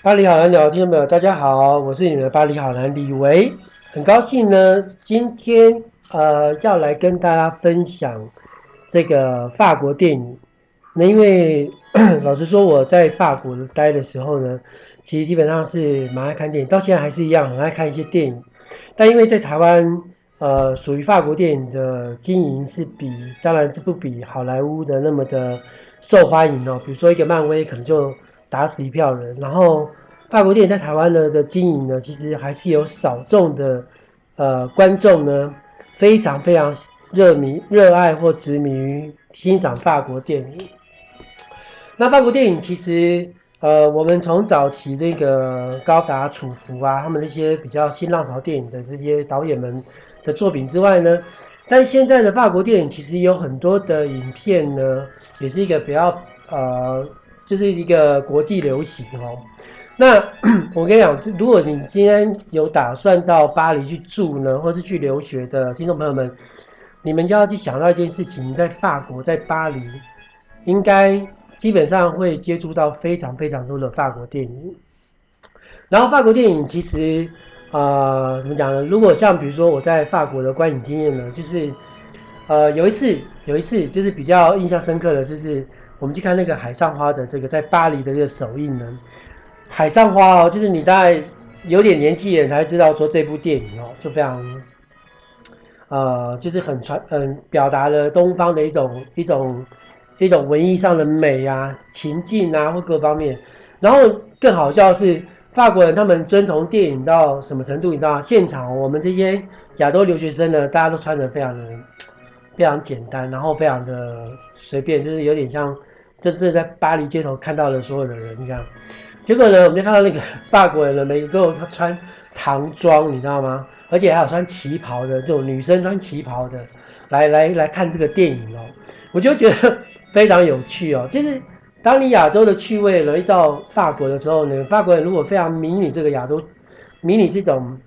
巴黎好男聊，你好，聽眾朋友，大家好，我是你們的巴黎好男里維，很高興呢，今天呃要來跟大家分享這個法國電影。那因為老實說，我在法國待的時候呢，其實基本上是蠻愛看電影，到現在還是一樣很愛看一些電影。但因為在台灣，呃，屬於法國電影的經營是比，當然，是不比好萊塢的那麼的受歡迎哦。比如說一個漫威，可能就。打死一票人，然後法國電影在台灣呢的經營呢，其實還是有少眾的呃觀眾呢，非常非常熱迷、熱愛或執迷於欣賞法國電影。那法國電影其實呃，我們從早期那個高達、楚浮啊，他們那些比較新浪潮電影的這些導演們的作品之外呢，但現在的法國電影其實有很多的影片呢，也是一個比較呃。就是一個國際流行哦，那我跟你講，如果你今天有打算到巴黎去住呢，或是去留學的聽眾朋友們，你們就要去想到一件事情，在法國，在巴黎，應該基本上會接觸到非常非常多的法國電影。然後法國電影其實啊，呃，怎麼講呢？如果像比如說我在法國的觀影經驗呢，就是呃有一次有一次就是比較印象深刻的就是。我們去看那個《海上花》的這個在巴黎的這個首映呢，《海上花》哦，就是你大概有點年紀也才知道說這部電影哦，就非常，呃，就是很傳嗯、呃，表達了東方的一種一種一種文藝上的美啊、情境啊或各方面。然後更好笑的是，法國人他們遵從電影到什麼程度？你知道嗎？現場我們這些亞洲留學生呢，大家都穿得非常的非常簡單，然後非常的隨便，就是有點像。這這是在巴黎街頭看到的所有的人，你看，結果呢，我們就看到那個法國人，每一個他穿唐裝，你知道嗎？而且還有穿旗袍的，這種女生穿旗袍的，來來來看這個電影喔，我就覺得非常有趣喔。就是當你亞洲的趣味來到法國的時候呢，法國人如果非常迷你這個亞洲，迷你這種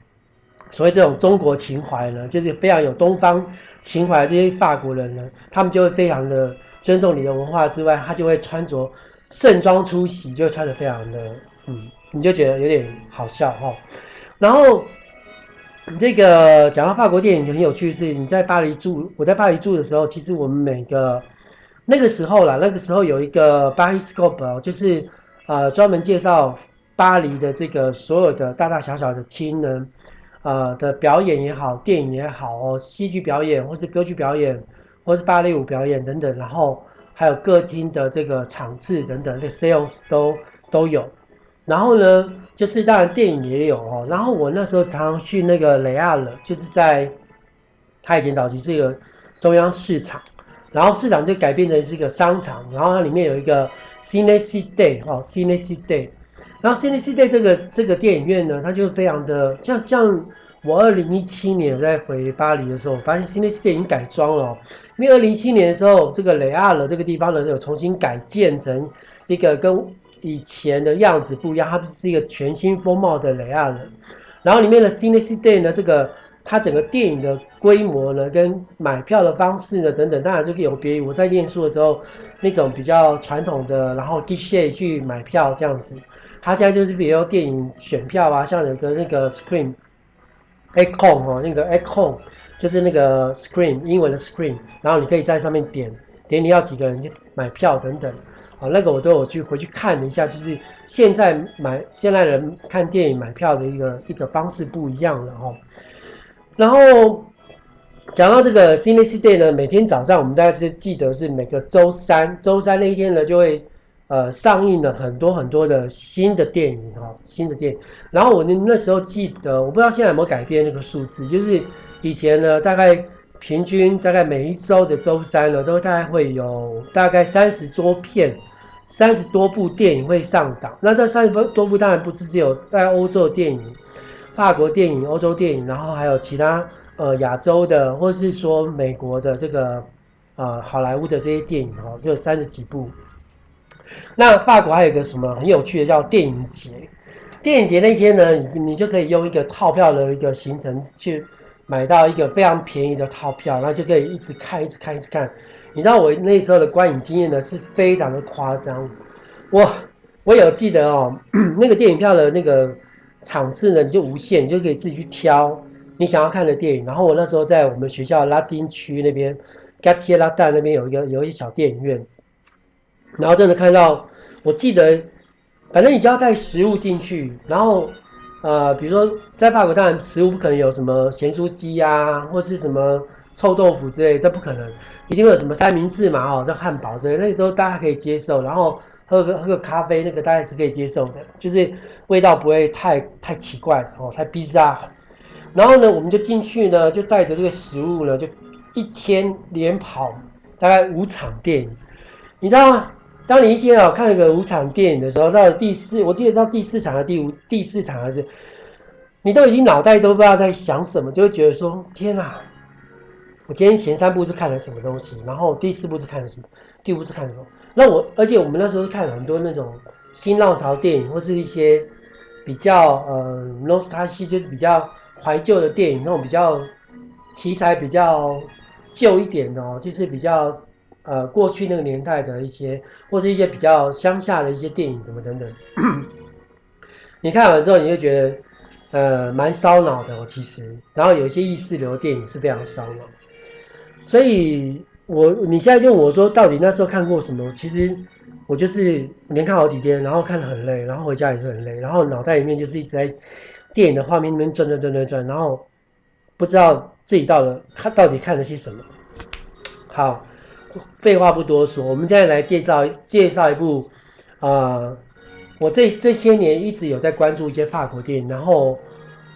所謂這種中國情懷呢，就是非常有東方情懷的這些法國人呢，他們就會非常的。尊重你的文化之外，他就會穿着盛裝出席，就穿得非常的，嗯，你就覺得有點好笑哈、哦。然後這個講到法國電影很有趣的是你在巴黎住，我在巴黎住的時候，其實我們每個那個時候啦，那個時候有一個巴黎 Scope，就是呃專門介紹巴黎的這個所有的大大小小的廳呢，呃的表演也好，電影也好哦，戲劇表演或是歌劇表演。或是芭蕾舞表演等等，然後還有各廳的這個場次等等，這個、sales 都都有。然後呢，就是當然電影也有哦。然後我那時候常常去那個雷亞了，就是在它以前早期是一個中央市場，然後市場就改變成是一個商場，然後它裡面有一個 Ciné Cité 哦 Ciné Cité。然後 Ciné Cité 這個這個電影院呢，它就非常的像像。我二零一七年在回巴黎的時候，我發現 Ciné Cité 電影改裝了哦，因為二零一七年的時候，這個雷亞爾這個地方呢有重新改建成一個跟以前的樣子不一樣，它不是一個全新風貌的雷亞爾。然後裡面的 Ciné Cité 呢，這個它整個電影的規模呢，跟買票的方式呢等等，當然就有別於我在念書的時候那種比較傳統的，然後去 guichet 去買票這樣子。它現在就是比如電影選票啊，像有個那個 screen Aircon 哦，那個 Aircon 就是那個 screen 英文的 screen，然後你可以在上面點點你要幾個人去買票等等，好那個我都有去回去看了一下，就是現在買現在人看電影買票的一個一個方式不一樣了哦。然後講到這個 Cine City 呢，每天早上我們大概是記得是每個周三，周三那一天呢就會。呃，上映了很多很多的新的電影哦，新的電影。然後我那時候記得，我不知道現在有沒有改變這個數字，就是以前呢，大概平均大概每一周的周三呢，都大概會有大概三十多片、三十多部電影會上檔。那這三十多部當然不只只有在歐,歐洲電影、法國電影、歐洲電影，然後還有其他呃亞洲的，或者是說美國的這個啊、呃、好萊塢的這些電影哦，就有三十幾部。那法國還有一個什麼很有趣的叫電影節，電影節那天呢，你就可以用一個套票的一個行程去買到一個非常便宜的套票，然後就可以一直看一直看一直看，一直看。你知道我那時候的觀影經驗呢是非常的誇張，我我有記得哦、喔，那個電影票的那個場次呢，你就無限，你就可以自己去挑你想要看的電影。然後我那時候在我們學校拉丁區那邊 g a t i a 大那邊有一個有一些小電影院。然後真的看到，我記得，反正你就要帶食物進去。然後，呃，比如說在法國，當然食物不可能有什麼鹹酥雞啊，或是什麼臭豆腐之類的，這不可能。一定會有什麼三明治嘛，哦，像漢堡之類，那些、個、都大家可以接受。然後喝個喝個咖啡，那個大家是可以接受的，就是味道不會太太奇怪哦，太 bizarre。然後呢，我們就進去呢，就帶着這個食物呢，就一天連跑大概五場電影，你知道嗎？當你一天啊看一個五場電影的時候，到了第四，我記得到第四場和第五，第四場還是，你都已經腦袋都不知道在想什麼，就會覺得說：天哪、啊，我今天前三部是看了什麼東西，然後第四部是看了什麼，第五部是看了什麼？那我，而且我們那時候看很多那種新浪潮電影，或是一些比較呃 nostalgic 就是比較懷舊的電影，那種比較題材比較舊一點的，哦，就是比較。呃，過去那個年代的一些，或是一些比較鄉下的一些電影，什麼等等， 你看完之後，你就覺得，呃，蠻燒腦的，哦。其實，然後有一些意識流的電影是非常燒腦。所以我，我你現在就問我說，到底那時候看過什麼？其實我就是連看好幾天，然後看得很累，然後回家也是很累，然後腦袋裡面就是一直在電影的畫面裡面轉轉轉轉轉，然後不知道自己到了看到底看了些什麼。好。廢話不多說，我們現在來介紹介紹一部，啊、呃，我這這些年一直有在關注一些法國電影，然後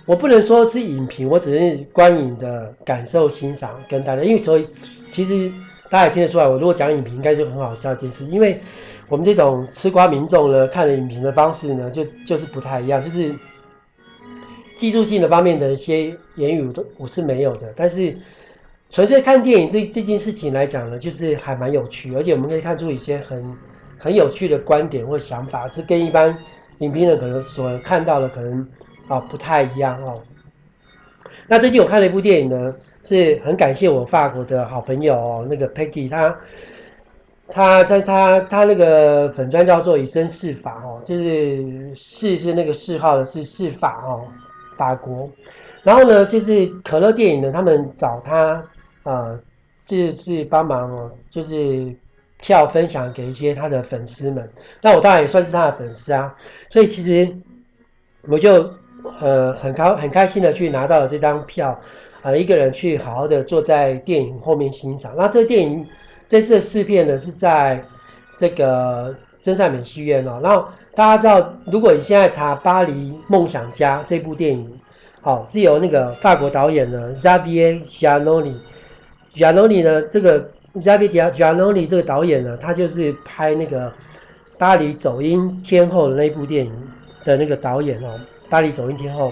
我不能說是影評，我只是觀影的感受欣賞跟大家，因為所以其實大家也聽得出來，我如果講影評，應該就很好笑一件事，因為我們這種吃瓜民眾呢，看了影評的方式呢，就就是不太一樣，就是技術性的方面的一些言語都我是沒有的，但是。純粹看電影這這件事情來講呢，就是還蠻有趣，而且我們可以看出一些很很有趣的觀點或想法，是跟一般影評人可能所看到的可能啊、哦、不太一樣哦。那最近我看了一部電影呢，是很感謝我法國的好朋友哦，那個 Peggy，他他他他他那個粉專叫做以身嗜法哦，就是嗜是那個嗜好的嗜，嗜法哦，法國。然後呢，就是可樂電影呢，他們找他。啊，這、嗯，就是就是幫忙哦，就是票分享給一些他的粉絲們。那我當然也算是他的粉絲啊，所以其實我就呃很高很開心的去拿到了這張票，啊、呃，一個人去好好的坐在電影後面欣賞。那這個電影這次的試片呢，是在這個真善美戲院哦。然後大家知道，如果你現在查《巴黎夢想家》這部電影，好，哦，是由那個法國導演呢 Xavier Giannoli 賈諾尼的這個賈比賈賈諾尼這個導演呢，他就是拍那個《巴黎走音天後》那部電影的那個導演哦，《巴黎走音天後》。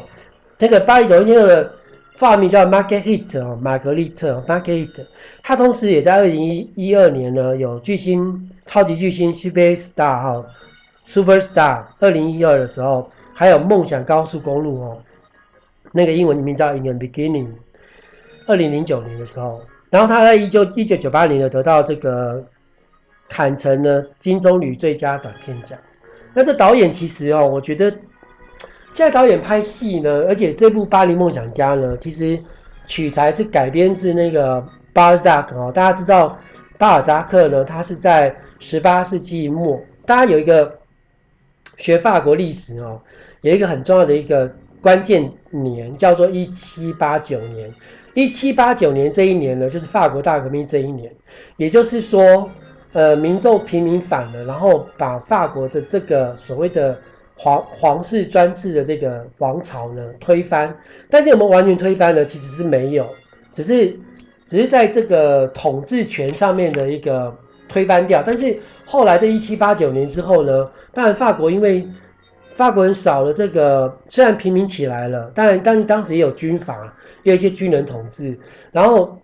那個《巴黎走音天後》的發名叫 Margaret h 瑪格麗特 Margaret，喔。他同時也在二零一一二年呢有巨星，超級巨星 Superstar 哈，喔、Superstar。二零一二的時候還有《夢想高速公路》哦，那個英文名叫《In The Beginning》。二零零九年的時候。然後他在一九一九九八年呢，得到這個坎城呢金棕櫚最佳短片獎。那這導演其實哦，我覺得現在導演拍戲呢，而且這部《巴黎夢想家》呢，其實取材是改編自那個巴爾扎克哦。大家知道巴爾扎克呢，他是在十八世紀末，大家有一個學法國歷史哦，有一個很重要的一個。關鍵年叫做一七八九年，一七八九年這一年呢，就是法國大革命這一年，也就是說，呃，民眾平民反了，然後把法國的這個所謂的皇皇室專制的這個王朝呢推翻，但是有沒有完全推翻呢？其實是沒有，只是只是在這個統治權上面的一個推翻掉，但是後來這一七八九年之後呢，當然法國因為法國人少了這個，雖然平民起來了，但但是當時也有軍閥，也有一些軍人統治。然後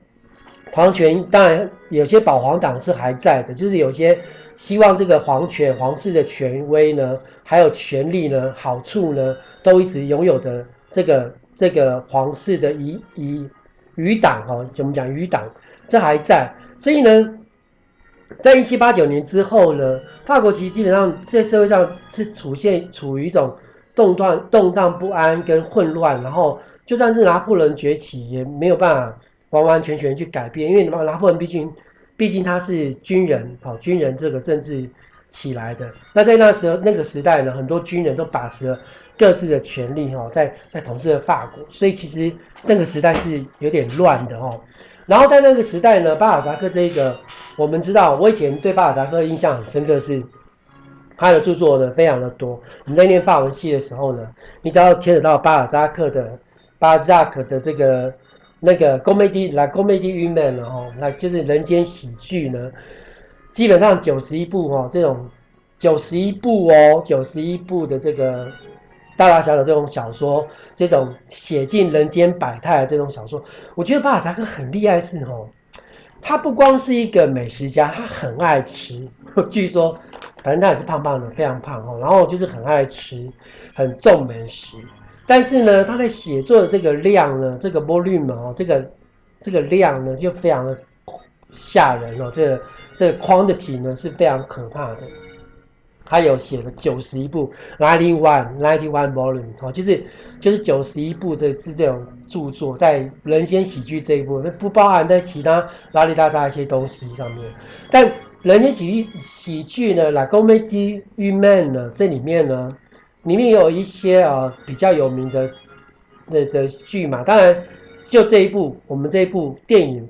皇權當然有些保皇黨是還在的，就是有些希望這個皇權、皇室的權威呢，還有權力呢、好處呢，都一直擁有的這個這個皇室的餘餘餘黨哈、哦，怎麼講餘黨？這還在，所以呢。在一七八九年之後呢，法國其實基本上在社會上是出現處於一種動盪、動盪不安跟混亂。然後就算是拿破崙崛起，也沒有辦法完完全全去改變，因為拿破崙畢竟畢竟他是軍人，哈，軍人這個政治起來的。那在那時候那個時代呢，很多軍人都把持了各自的權力，哈，在在統治着法國，所以其實那個時代是有點亂的，哦，哈。然後在那個時代呢，巴爾扎克這一個，我們知道，我以前對巴爾扎克的印象很深刻是，是他的著作呢非常的多。你在念法文系的時候呢，你只要牽扯到巴爾扎克的巴爾扎克的這個那個 Comédie、哦，La Comédie humaine 然後就是《人間喜劇》呢，基本上九十一部哈、哦、這種九十一部哦，九十一部的這個。大大小小這種小說，這種寫盡人間百態的這種小說，我覺得巴爾扎克很厲害，是吼。他不光是一個美食家，他很愛吃。據說，反正他也是胖胖的，非常胖哦。然後就是很愛吃，很重美食。但是呢，他在寫作的這個量呢，這個 volume 哦，這個這個量呢，就非常的嚇人哦。這個這個 quantity 呢是非常可怕的。他有寫了九十一部《Ninety One Ninety One Volume》哦，就是91就是九十一部這這這種著作，在人間喜劇這一部那不包含在其他拉里達扎一些東西上面，但人間喜劇喜劇呢，like Comedy, 呢《La Comédie humaine 呢這裡面呢裡面有一些啊比較有名的那的劇嘛，當然就這一部我們這一部電影。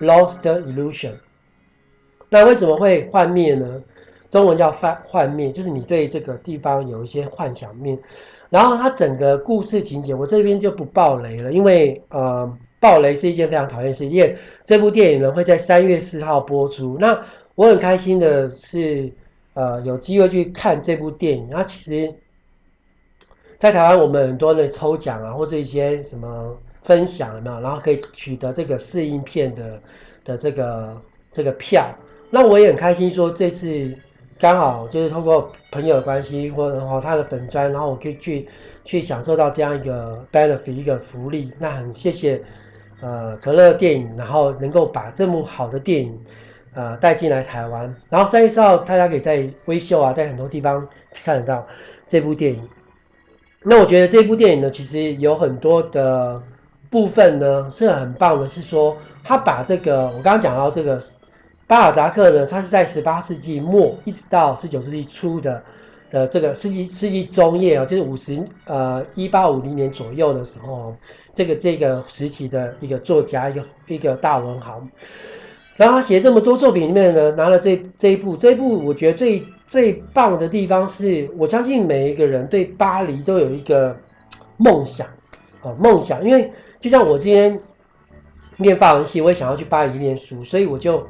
Lost Illusion，那為什麼會幻滅呢？中文叫幻幻滅，就是你對這個地方有一些幻想面，然後它整個故事情節，我這邊就不爆雷了，因為呃，爆雷是一件非常討厭事情。因為這部電影呢會在三月四號播出。那我很開心的是，呃，有機會去看這部電影。那其實，在台灣我們很多的抽獎啊，或者一些什麼。分享嘛，然後可以取得這個試映片的的這個這個票。那我也很開心，說這次剛好就是通過朋友的關係，或者的話他的粉專，然後我可以去去享受到這樣一個 benefit 一個福利。那很謝謝呃可樂電影，然後能夠把這麼好的電影呃帶進來台灣。然後三月四號，大家可以在威秀啊，在很多地方看得到這部電影。那我覺得這部電影呢，其實有很多的。部分呢是很棒的，是說他把這個我剛剛講到這個巴爾扎克呢，他是在十八世紀末一直到十九世紀初的的這個世紀世紀中葉啊，就是五十呃一八五零年左右的時候，這個這個時期的一個作家，一個一個大文豪。然後他寫這麼多作品裡面呢，拿了這這一部這一部，一部我覺得最最棒的地方是，我相信每一個人對巴黎都有一個夢想。呃、夢想，因為就像我今天念法文系，我也想要去巴黎念書，所以我就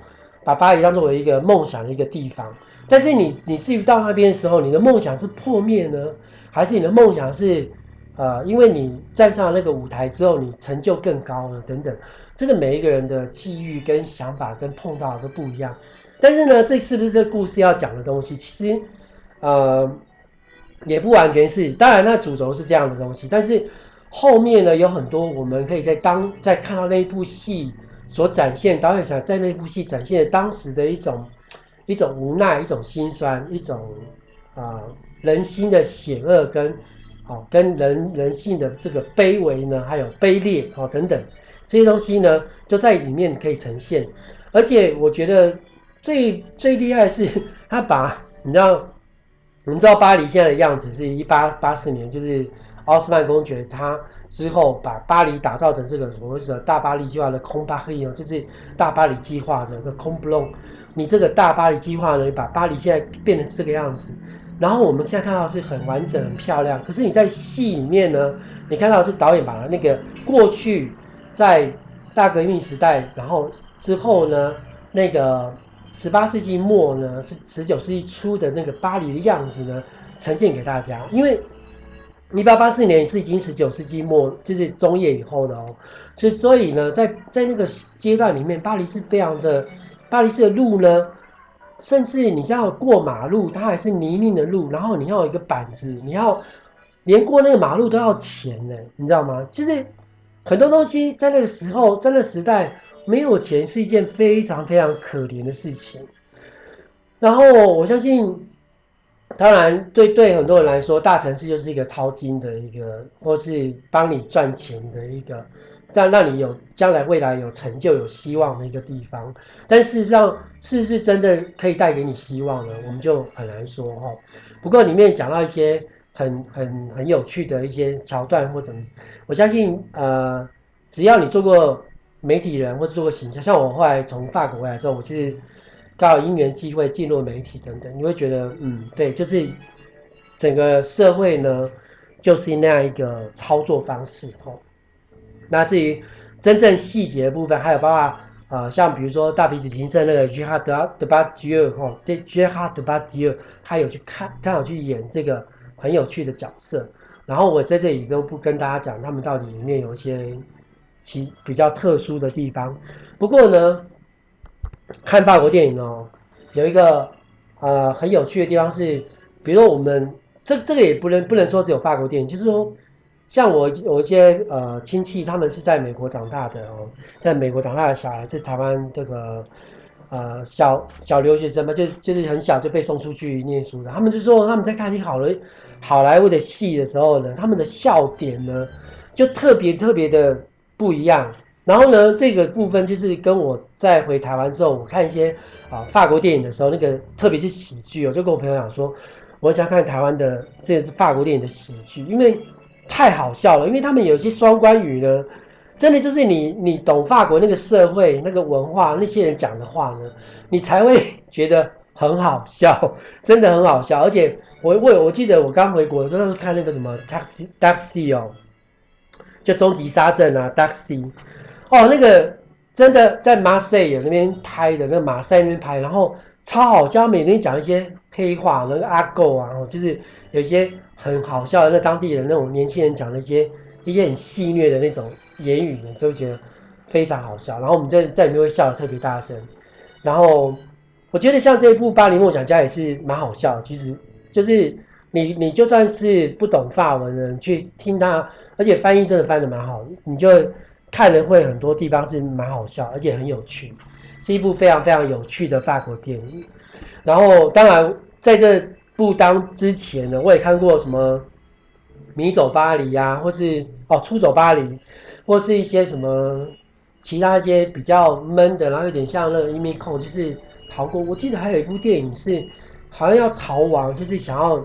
把巴黎當作為一個夢想的一個地方。但是你，你至於到那邊的時候，你的夢想是破滅呢，還是你的夢想是、呃、因為你站上那個舞台之後，你成就更高了等等。這個每一個人的際遇跟想法跟碰到的都不一樣。但是呢，這是不是這個故事要講的東西？其實呃，也不完全是。當然，那主軸是這樣的東西，但是。後面呢，有很多，我們可以在當在看到那部戲所展現，導演想在那部戲展現的當時的一種一種無奈、一種心酸、一種啊、呃、人心的險惡跟哦跟人人性的這個卑微呢，還有卑劣哦等等這些東西呢，就在裡面可以呈現。而且我覺得最最厲害是，他把你知道，我們知道巴黎現在的樣子是一八八四年，就是。奧斯曼公爵他之後把巴黎打造成這個所謂的大巴黎計劃的 Com 巴黎哦，就是大巴黎計劃的 Comblon 你這個大巴黎計劃呢，把巴黎現在變成這個樣子。然後我們現在看到是很完整，很漂亮。可是你在戲裡面呢，你看到是導演把那個過去在大革命時代，然後之後呢，那個十八世紀末呢，是十九世紀初的那個巴黎的樣子呢，呈現給大家，因為。一八八四年也是已經十九世紀末，就是中葉以後的哦，所以所以呢，在在那個階段裡面，巴黎是非常的，巴黎市的路呢，甚至你像過馬路，它還是泥濘的路，然後你要有一個板子，你要連過那個馬路都要錢的，你知道嗎？就是很多東西在那個時候，在那個時代，沒有錢是一件非常非常可憐的事情。然後我相信。當然，對對很多人來說，大城市就是一個淘金的一個，或是幫你賺錢的一個，但讓，讓你有將來未來有成就、有希望的一個地方。但事實上，是不是真的可以帶給你希望呢？我們就很難說哈、哦。不過裡面講到一些很很很有趣的一些橋段或者，我相信呃，只要你做過媒體人或者做過行銷，像我後來從法國回來之後，我去、就是。到因緣際會進入媒體等等，你會覺得，嗯，對，就是整個社會呢，就是那樣一個操作方式哦。那至於真正的細節部分，還有包括呃，像比如說大鼻子情聖那個傑哈德巴狄厄吼，嗯、對，傑哈德巴狄厄，他有去看，他有去演這個很有趣的角色。然後我在這裡都不跟大家講他們到底裡面有一些其比較特殊的地方。不過呢。看法國電影哦，有一個呃很有趣的地方是，比如說我們這這個也不能不能說只有法國電影，就是說像我有一些呃親戚，他們是在美國長大的哦，在美國長大的小孩是台灣這個呃小小留學生嘛，就是、就是很小就被送出去念書的，他們就說他們在看你好萊好萊塢的戲的時候呢，他們的笑點呢就特別特別的不一樣。然後呢，這個部分就是跟我在回台灣之後，我看一些啊法國電影的時候，那個特別是喜劇哦，我就跟我朋友講說，我想看台灣的這個是法國電影的喜劇，因為太好笑了，因為他們有些雙關語呢，真的就是你你懂法國那個社會那個文化那些人講的話呢，你才會覺得很好笑，真的很好笑。而且我我我記得我剛回國的時候看那個什麼 Taxi Taxi 哦，就終極殺陣啊 Taxi。哦，那個真的在馬賽那邊拍的，在、那個、馬賽那邊拍，然後超好笑，每天講一些黑話，那個阿狗啊，然後就是有一些很好笑的那當地人那種年輕人講的一些一些很戲謔的那種言語，就都覺得非常好笑，然後我們在在裡面會笑得特別大聲。然後我覺得像這一部《巴黎夢想家》也是蠻好笑，其實就是你你就算是不懂法文的人去聽他，而且翻譯真的翻得蠻好，你就。看了會很多地方是蠻好笑，而且很有趣，是一部非常非常有趣的法國電影。然後當然在這部當之前呢，我也看過什麼《迷走巴黎》啊，或是哦《出走巴黎》，或是一些什麼其他一些比較悶的，然後有點像那個《秘密控》就是逃過。我記得還有一部電影是好像要逃亡，就是想要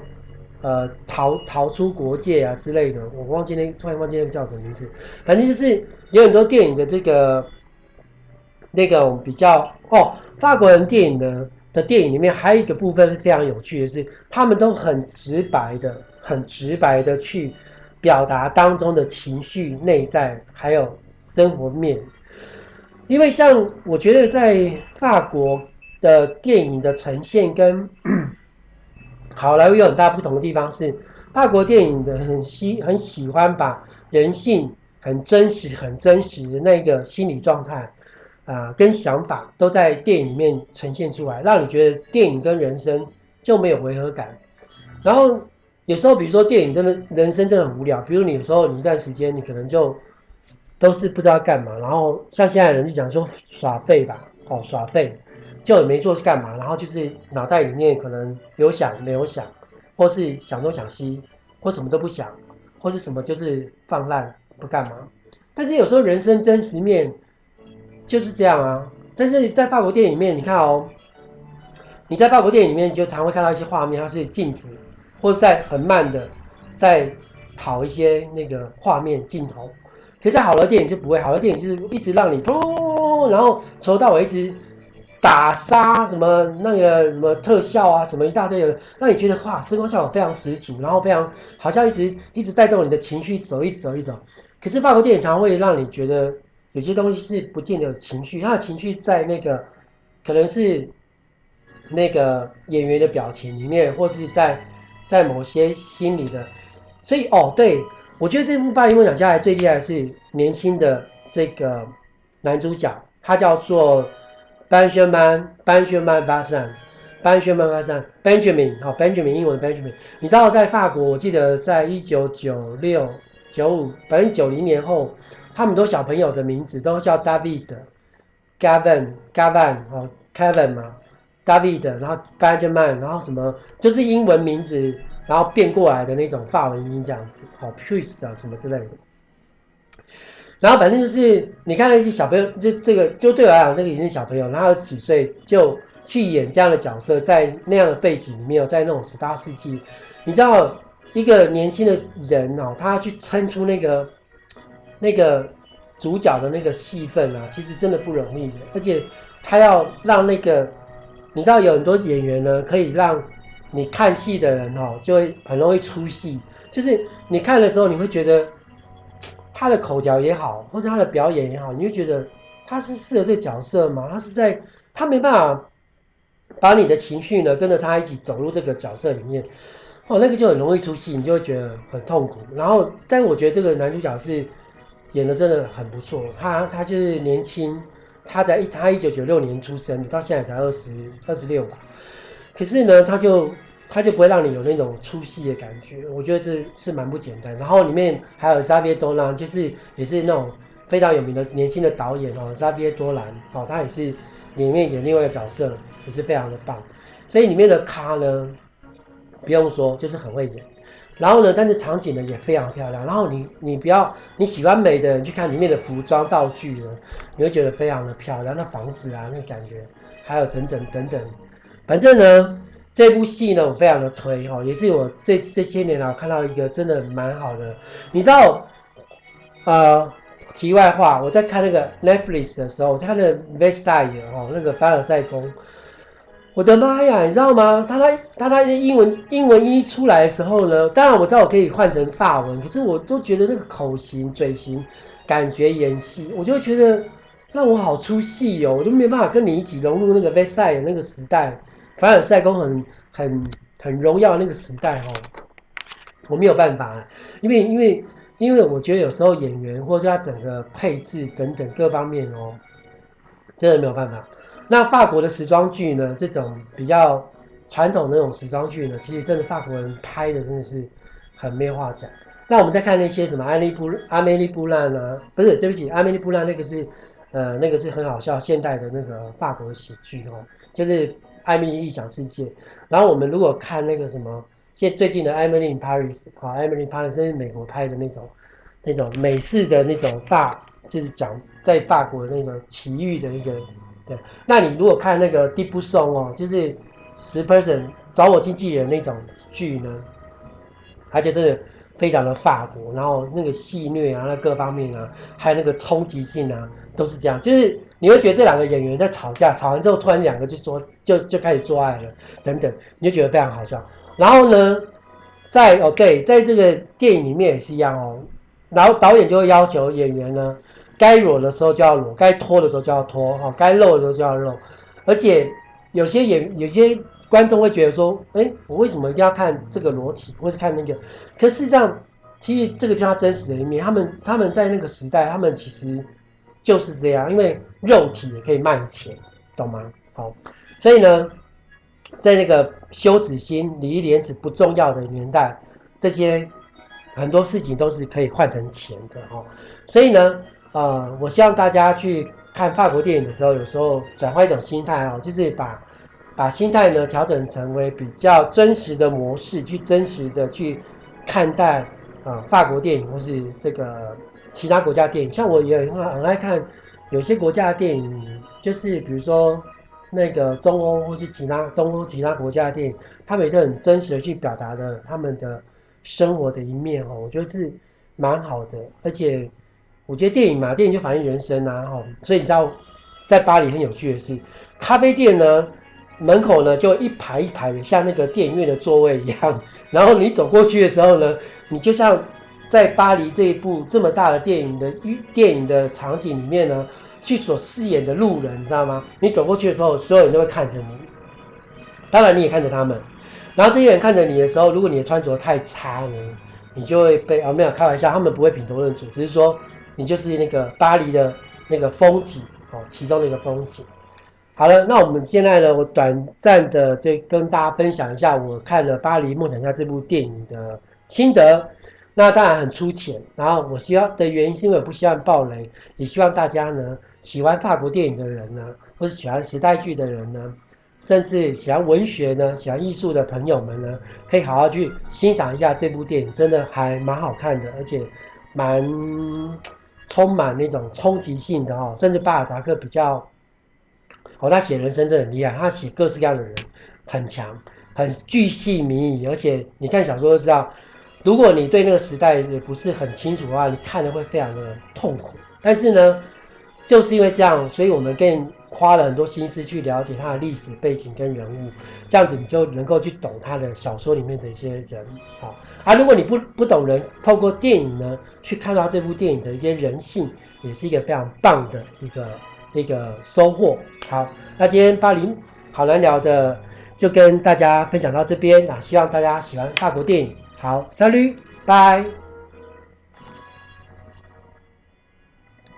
呃逃逃出國界啊之類的，我忘記那突然忘記那個叫什麼名字，反正就是。有很多電影的這個那個比較哦，法國人電影的的電影裡面還有一個部分非常有趣的是，他們都很直白的，很直白的去表達當中的情緒、內在還有生活面。因為像我覺得在法國的電影的呈現跟，嗯、好萊塢有很大不同的地方是，法國電影的很喜很喜歡把人性。很真實、很真實的那一個心理狀態，啊、呃，跟想法都在電影裡面呈現出來，讓你覺得電影跟人生就沒有違和感。然後有時候，比如說電影，真的人生真的很無聊。比如你有時候，你一段時間你可能就都是不知道幹嘛。然後像現在人就講說耍廢吧，哦，耍廢，就也沒做是幹嘛。然後就是腦袋裡面可能有想沒有想，或是想東想西，或什麼都不想，或是什麼就是放爛不幹嘛，但是有時候人生真實面就是這樣啊。但是在法國電影裡面，你看哦、喔，你在法國電影裡面就常會看到一些畫面，它是靜止，或是在很慢的，在跑一些那個畫面鏡頭。其實，在好的電影就不會，好的電影就是一直讓你噗，然後從頭到尾一直打殺什麼那個什麼特效啊，什麼一大堆的，讓你覺得哇，聲光效果非常十足，然後非常好像一直一直帶動你的情緒走一走一走。可是法國電影常會讓你覺得有些東西是不見得有情緒，他的情緒在那個可能是那個演員的表情裡面，或是在在某些心裡的，所以哦，對，我覺得這部《巴黎夢想家》還最厲害的是年輕的這個男主角，他叫做 Benjamin Benjamin Bassin Benjamin Bassin Benjamin 好 Benjamin 英文 Benjamin，你知道在法國，我記得在一九九六。九五，反正九零年後，他們很多小朋友的名字都叫 David、Gavin、Gavin 哦 Kevin 嘛，David，然後 Benjamin，然後什麼，就是英文名字，然後變過來的那種法文音這樣子，哦、oh, Puis 啊什麼之類的。然後反正就是你看那些小朋友，就這個就對我來講，這、那個已經是小朋友，然後幾歲就去演這樣的角色，在那樣的背景裡面，在那種十八世紀，你知道。一個年輕的人哦，他要去撐出那個那個主角的那個戲份啊，其實真的不容易。而且他要讓那個，你知道有很多演員呢，可以讓你看戲的人哦，就會很容易出戲。就是你看的時候，你會覺得他的口條也好，或者他的表演也好，你會覺得他是適合這個角色嗎？他是在他沒辦法把你的情緒呢，跟着他一起走入這個角色裡面。哦，那個就很容易出戲，你就會覺得很痛苦。然後，但我覺得這個男主角是演得真的很不錯。他他就是年輕，他在一他一九九六年出生的，到現在才二十二十六吧。可是呢，他就他就不會讓你有那種出戲的感覺。我覺得這是蠻不簡單。然後裡面還有沙比多蘭，就是也是那種非常有名的年輕的導演哦，沙比多蘭哦，他也是裡面演另外一個角色，也是非常的棒。所以裡面的咖呢，不用說，就是很會演。然後呢，但是場景呢也非常漂亮。然後你你不要你喜歡美的人去看裡面的服裝道具呢，你會覺得非常的漂亮。那房子啊，那感覺，還有等等等等。反正呢，這部戲呢我非常的推哦，也是我這這些年啊看到一個真的蠻好的。你知道，呃，題外話，我在看那個 Netflix 的時候，我在看的 Versailles 那個凡爾賽宮。我的媽呀，你知道嗎？他他他他的英文英文一出來的時候呢，當然我知道我可以換成法文，可是我都覺得那個口型、嘴型、感覺演戲，我就覺得讓我好出戲哦，我就沒辦法跟你一起融入那個 Versailles 那個時代，凡爾賽宮很很很榮耀的那個時代哦，我沒有辦法啊，因為因為因為我覺得有時候演員或者說他整個配置等等各方面哦，真的沒有辦法。那法國的時裝劇呢？這種比較傳統的那種時裝劇呢，其實真的法國人拍的真的是很沒話講。那我們再看那些什麼艾利布、阿梅利布蘭啊，不是，對不起，阿梅利布蘭那個是，呃，那個是很好笑，現代的那個法國喜劇哦，就是《艾米麗異想世界》。然後我們如果看那個什麼，現最近的《Emily in Paris，啊，《Emily in Paris 是美國拍的那種，那種美式的那種大，就是講在法國那個奇遇的那個。Yeah, 那你如果看那個《Dix pour cent》哦，就是十 person 找我經紀人那種劇呢，而且真的非常的法國，然後那個戲謔啊、那各方面啊，還有那個衝擊性啊，都是這樣。就是你會覺得這兩個演員在吵架，吵完之後突然兩個就做，就就開始做愛了，等等，你就覺得非常好笑。然後呢，在 OK，在這個電影裡面也是一樣哦。然後導演就會要求演員呢，該裸的時候就要裸，該脫的時候就要脫，好，該露的時候就要露，而且有些演、有些觀眾會覺得說：“哎，我為什麼一定要看這個裸體，或是看那個？”可事實上，其實這個叫他真實的一面。他們他們在那個時代，他們其實就是這樣，因為肉體也可以賣錢，懂嗎？好，所以呢，在那個羞恥心、禮義廉恥不重要的年代，這些很多事情都是可以換成錢的，哦，所以呢。呃，我希望大家去看法國電影的時候，有時候轉換一種心態哦，就是把把心態呢調整成為比較真實的模式，去真實的去看待啊，呃，法國電影或是這個其他國家電影。像我也很很愛看有些國家的電影，就是比如說那個中歐或是其他東歐其他國家的電影，他們也都很真實的去表達了他們的生活的一面哦，我覺得是蠻好的，而且。我覺得電影嘛，電影就反映人生啊，哦、所以你知道，在巴黎很有趣的是，咖啡店呢，門口呢就一排一排的，像那個電影院的座位一樣。然後你走過去的時候呢，你就像在巴黎這一部這麼大的電影的電影的場景裡面呢，去所飾演的路人，你知道嗎？你走過去的時候，所有人都會看着你，當然你也看着他們。然後這些人看着你的時候，如果你的穿着太差呢，你就會被啊、哦，沒有開玩笑，他們不會品頭論足，只是說。你就是那個巴黎的那個風景哦，其中的一個風景。好了，那我們現在呢，我短暫的就跟大家分享一下我看了《巴黎夢想家》這部電影的心得。那當然很粗淺，然後我需要的原因是因為我不希望暴雷，也希望大家呢喜歡法國電影的人呢，或是喜歡時代劇的人呢，甚至喜歡文學呢、喜歡藝術的朋友們呢，可以好好去欣賞一下這部電影，真的還蠻好看的，而且蠻。充滿那種衝擊性的哦，甚至巴爾扎克比較，哦，他寫人生真的很厲害，他寫各式各樣的人很強，很巨細靡遺，而且你看小說就知道，如果你對那個時代也不是很清楚的話，你看的會非常的痛苦。但是呢，就是因為這樣，所以我們更。花了很多心思去了解他的歷史背景跟人物，這樣子你就能夠去懂他的小說裡面的一些人，好，啊！如果你不不懂人，透過電影呢去看到這部電影的一些人性，也是一個非常棒的一個一個收穫。好，那今天巴零好難聊巴黎好男聊的就跟大家分享到這邊啊，希望大家喜歡法國電影。好，Salut，拜。